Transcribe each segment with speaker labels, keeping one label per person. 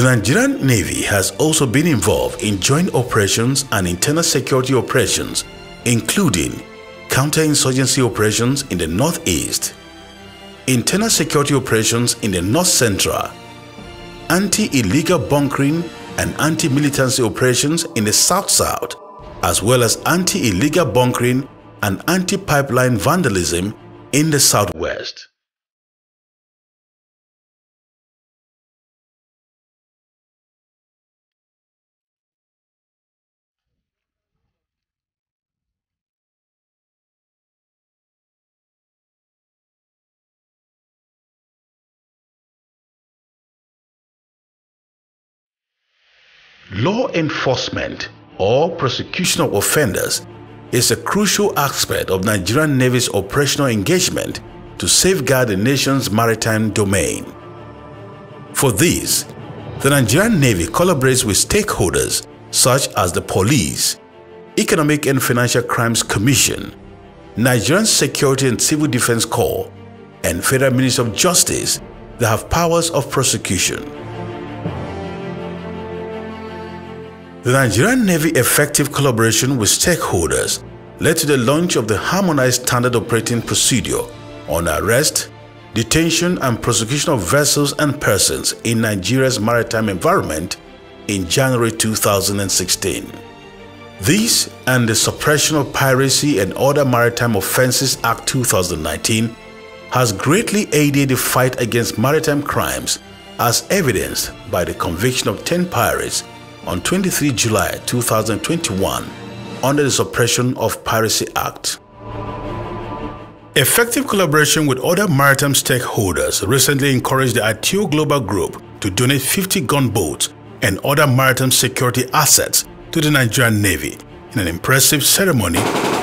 Speaker 1: The Nigerian Navy has also been involved in joint operations and internal security operations, including counterinsurgency operations in the northeast, internal security operations in the north central, anti-illegal bunkering and anti-militancy operations in the south-south, as
Speaker 2: well as anti-illegal bunkering and anti-pipeline vandalism in the southwest. Law enforcement or prosecution of
Speaker 1: offenders is a crucial aspect of Nigerian Navy's operational engagement to safeguard the nation's maritime domain. For this, the Nigerian Navy collaborates with stakeholders such as the police, Economic and Financial Crimes Commission, Nigerian Security and Civil Defense Corps, and Federal Ministry of Justice that have powers of prosecution. The Nigerian Navy effective collaboration with stakeholders led to the launch of the Harmonized Standard Operating Procedure on arrest, detention and prosecution of vessels and persons in Nigeria's maritime environment in January 2016. These and the Suppression of Piracy and Other Maritime Offences Act 2019 has greatly aided the fight against maritime crimes as evidenced by the conviction of 10 pirates on 23 July 2021 under the Suppression of Piracy Act. Effective collaboration with other maritime stakeholders recently encouraged the ITO Global Group to donate 50 gunboats and other maritime security assets to the Nigerian Navy in an impressive ceremony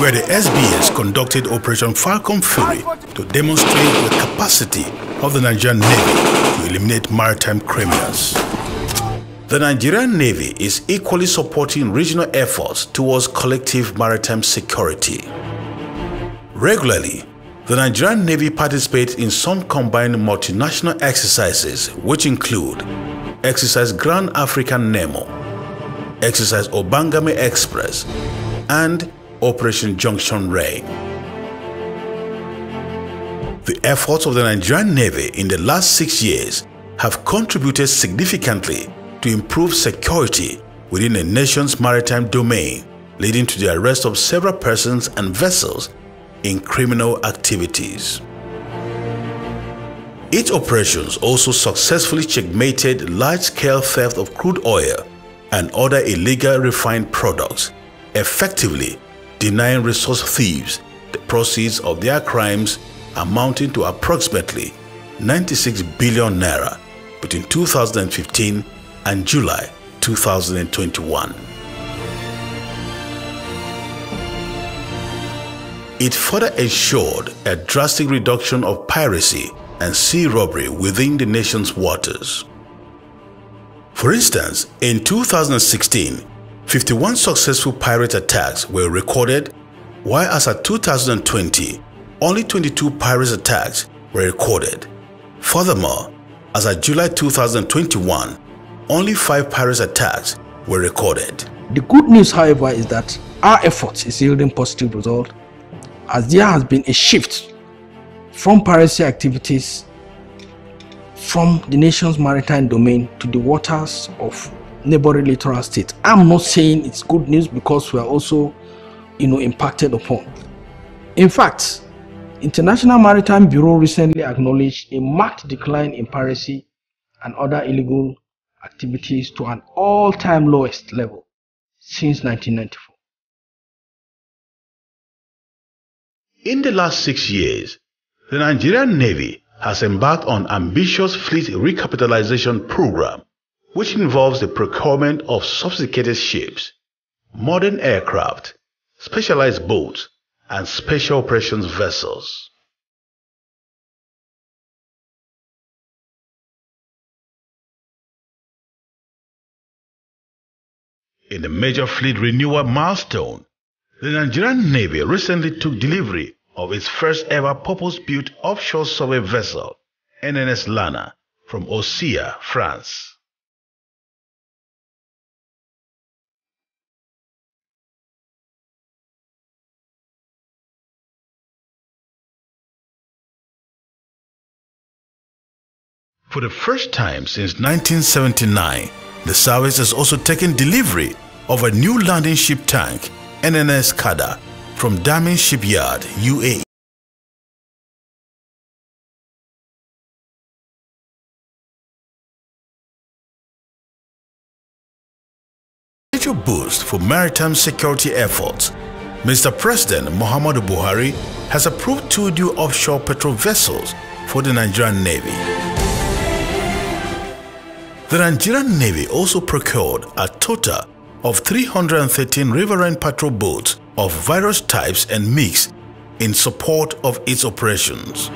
Speaker 1: where the SBS conducted Operation Falcon Fury to demonstrate the capacity of the Nigerian Navy to eliminate maritime criminals. The Nigerian Navy is equally supporting regional efforts towards collective maritime security. Regularly, the Nigerian Navy participates in some combined multinational exercises which include Exercise Grand African Nemo, Exercise Obangame Express, and Operation Junction Ray. The efforts of the Nigerian Navy in the last six years have contributed significantly to improve security within a nation's maritime domain, leading to the arrest of several persons and vessels in criminal activities. Its operations also successfully checkmated large-scale theft of crude oil and other illegal refined products, effectively denying resource thieves the proceeds of their crimes amounting to approximately 96 billion naira between 2015 and July 2021. It further ensured a drastic reduction of piracy and sea robbery within the nation's waters. For instance, in 2016, 51 successful pirate attacks were recorded, while as of 2020, only 22 pirate attacks were recorded. Furthermore, as of July 2021, only five Paris attacks were recorded. The good news, however, is that our
Speaker 3: effort is yielding positive results as there has been a shift from piracy activities from the nation's maritime domain to the waters of neighboring littoral states. I'm not saying it's good news because we are also, you know, impacted upon. In fact, International Maritime Bureau recently acknowledged a marked decline in piracy and other illegal
Speaker 2: activities to an all-time lowest level since 1994. In the last six years, the
Speaker 1: Nigerian Navy has embarked on ambitious fleet recapitalization program, which involves the procurement of sophisticated ships, modern aircraft,
Speaker 2: specialized boats, and special operations vessels. In the major fleet renewal milestone,
Speaker 1: the Nigerian Navy recently took delivery of its first ever purpose-built offshore
Speaker 2: survey vessel, NNS Lana, from Osea, France. For the first time since 1979,
Speaker 1: the service has also taken delivery of a new landing ship tank,
Speaker 2: NNS Kada, from Damin Shipyard, UAE. Major boost for maritime security efforts,
Speaker 1: Mr. President Muhammadu Buhari has approved two new offshore patrol vessels for the Nigerian Navy. The Nigerian Navy also procured a total of 313 riverine patrol boats of various types and mix in support of its operations.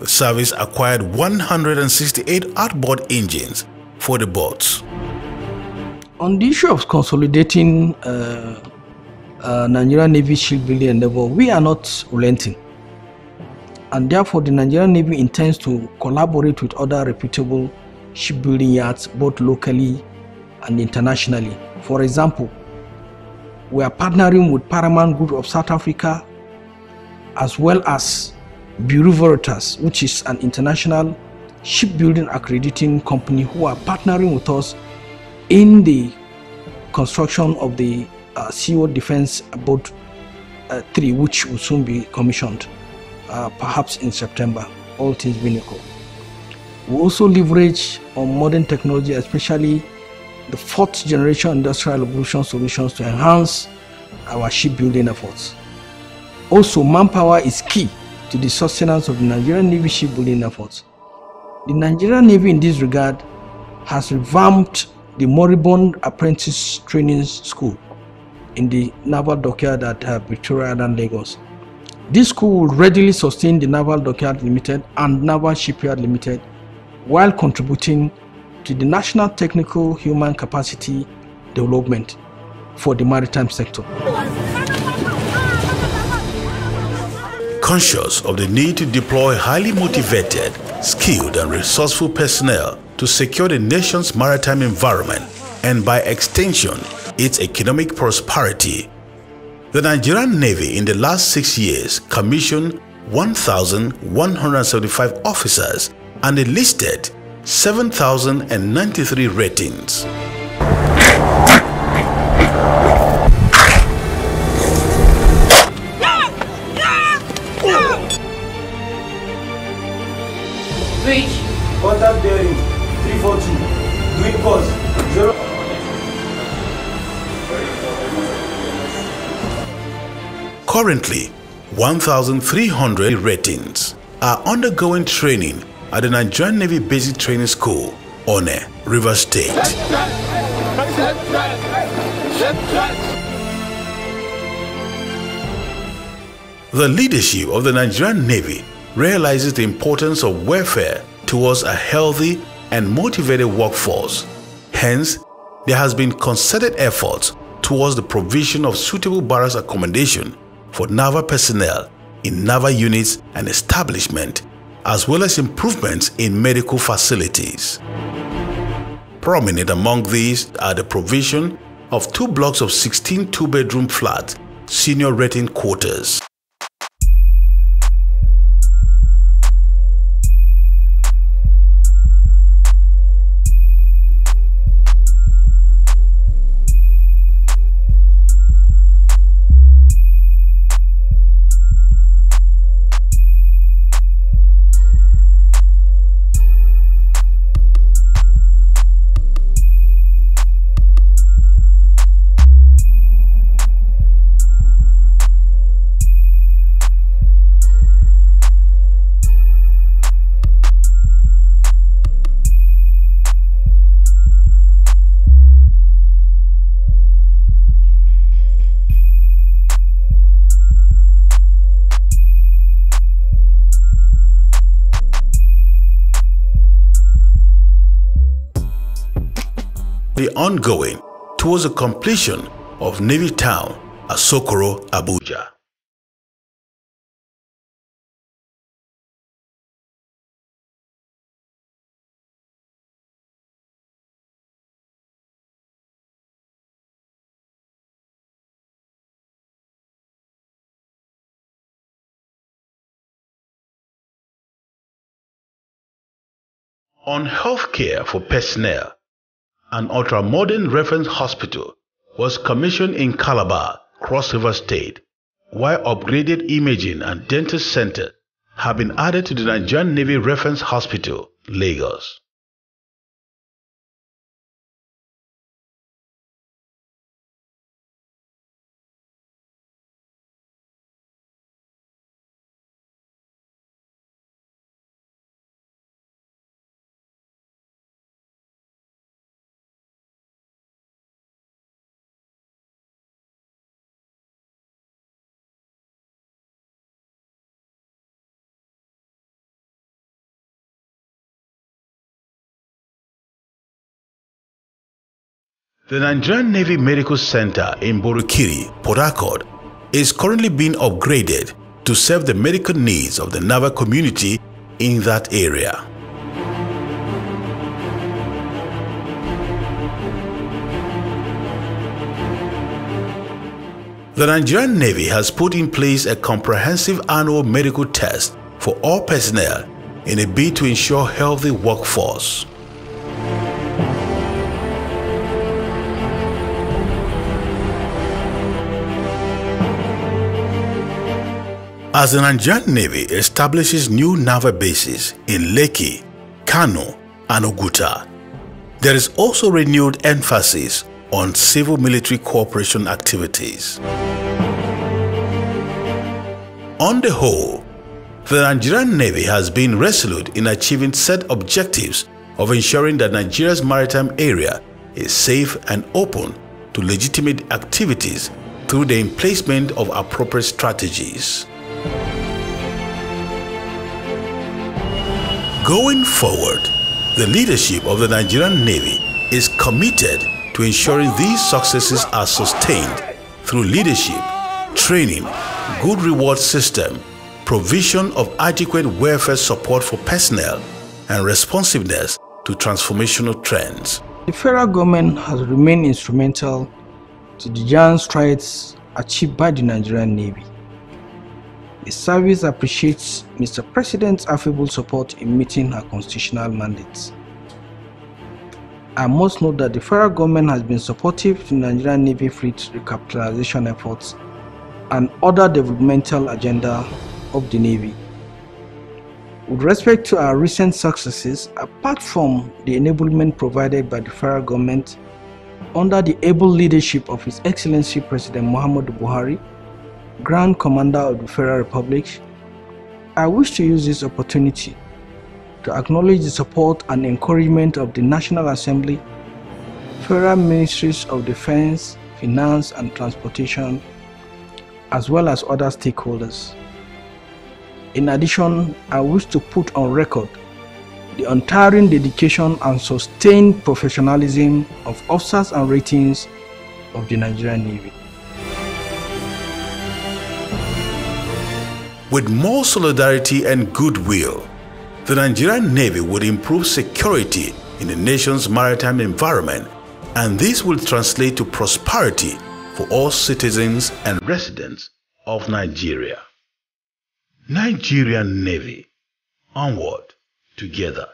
Speaker 1: The service acquired 168 outboard engines for the boats.
Speaker 3: On the issue of consolidating uh uh, Nigerian Navy shipbuilding endeavor, we are not relenting. And therefore, the Nigerian Navy intends to collaborate with other reputable shipbuilding yards, both locally and internationally. For example, we are partnering with Paramount Group of South Africa as well as Bureau Veritas, which is an international shipbuilding accrediting company who are partnering with us in the construction of the uh, CO Defense Boat uh, 3, which will soon be commissioned, uh, perhaps in September, all things being equal. We also leverage on modern technology, especially the fourth generation industrial revolution solutions to enhance our shipbuilding efforts. Also, manpower is key to the sustenance of the Nigerian Navy shipbuilding efforts. The Nigerian Navy in this regard has revamped the Moribund Apprentice Training School in the naval dockyard at uh, Victoria and Lagos. This school will readily sustain the Naval Dockyard Limited and Naval Shipyard Limited while contributing to the national technical human capacity
Speaker 1: development for the maritime sector. Conscious of the need to deploy highly motivated, skilled and resourceful personnel to secure the nation's maritime environment and by extension its economic prosperity. The Nigerian Navy in the last six years commissioned 1,175 officers and enlisted 7,093 ratings. Bridge. Contact bearing 342. Green cause 0. Currently, 1,300 ratings are undergoing training at the Nigerian Navy Basic Training School, a River State. The leadership of the Nigerian Navy realizes the importance of welfare towards a healthy and motivated workforce. Hence, there has been concerted efforts towards the provision of suitable barracks accommodation for naval personnel in naval units and establishment, as well as improvements in medical facilities. Prominent among these are the provision of two blocks of 16 two-bedroom flats, senior rating quarters, the ongoing
Speaker 2: towards the completion of Navy Town at Sokoro, Abuja. on healthcare for personnel an ultra-modern reference
Speaker 1: hospital, was commissioned in Calabar, Cross River State, while upgraded
Speaker 2: imaging and dentist center have been added to the Nigerian Navy Reference Hospital, Lagos. The Nigerian Navy Medical Center in Borukiri, Port is currently being
Speaker 1: upgraded to serve the medical needs of the naval community in that area. The Nigerian Navy has put in place a comprehensive annual medical test for all personnel in a bid to ensure healthy workforce. As the Nigerian Navy establishes new naval bases in Lekki, Kano, and Oguta, there is also renewed emphasis on civil military cooperation activities. On the whole, the Nigerian Navy has been resolute in achieving set objectives of ensuring that Nigeria's maritime area is safe and open to legitimate activities through the emplacement of appropriate strategies. Going forward, the leadership of the Nigerian Navy is committed to ensuring these successes are sustained through leadership, training, good reward system, provision of adequate welfare support for personnel, and responsiveness to transformational trends.
Speaker 3: The federal government has remained instrumental to the giant strides achieved by the Nigerian Navy. The service appreciates Mr. President's affable support in meeting her constitutional mandates. I must note that the federal government has been supportive to Nigerian Navy fleet recapitalization efforts and other developmental agenda of the Navy. With respect to our recent successes, apart from the enablement provided by the federal government under the able leadership of His Excellency President Muhammadu Buhari, Grand Commander of the Federal Republic, I wish to use this opportunity to acknowledge the support and encouragement of the National Assembly, Federal Ministries of Defense, Finance and Transportation, as well as other stakeholders. In addition, I wish to put on record the untiring dedication and sustained professionalism of officers and ratings
Speaker 1: of the Nigerian Navy. With more solidarity and goodwill, the Nigerian Navy would improve security in the nation's maritime environment, and this will translate to prosperity for all citizens and residents of Nigeria.
Speaker 2: Nigerian Navy, onward, together.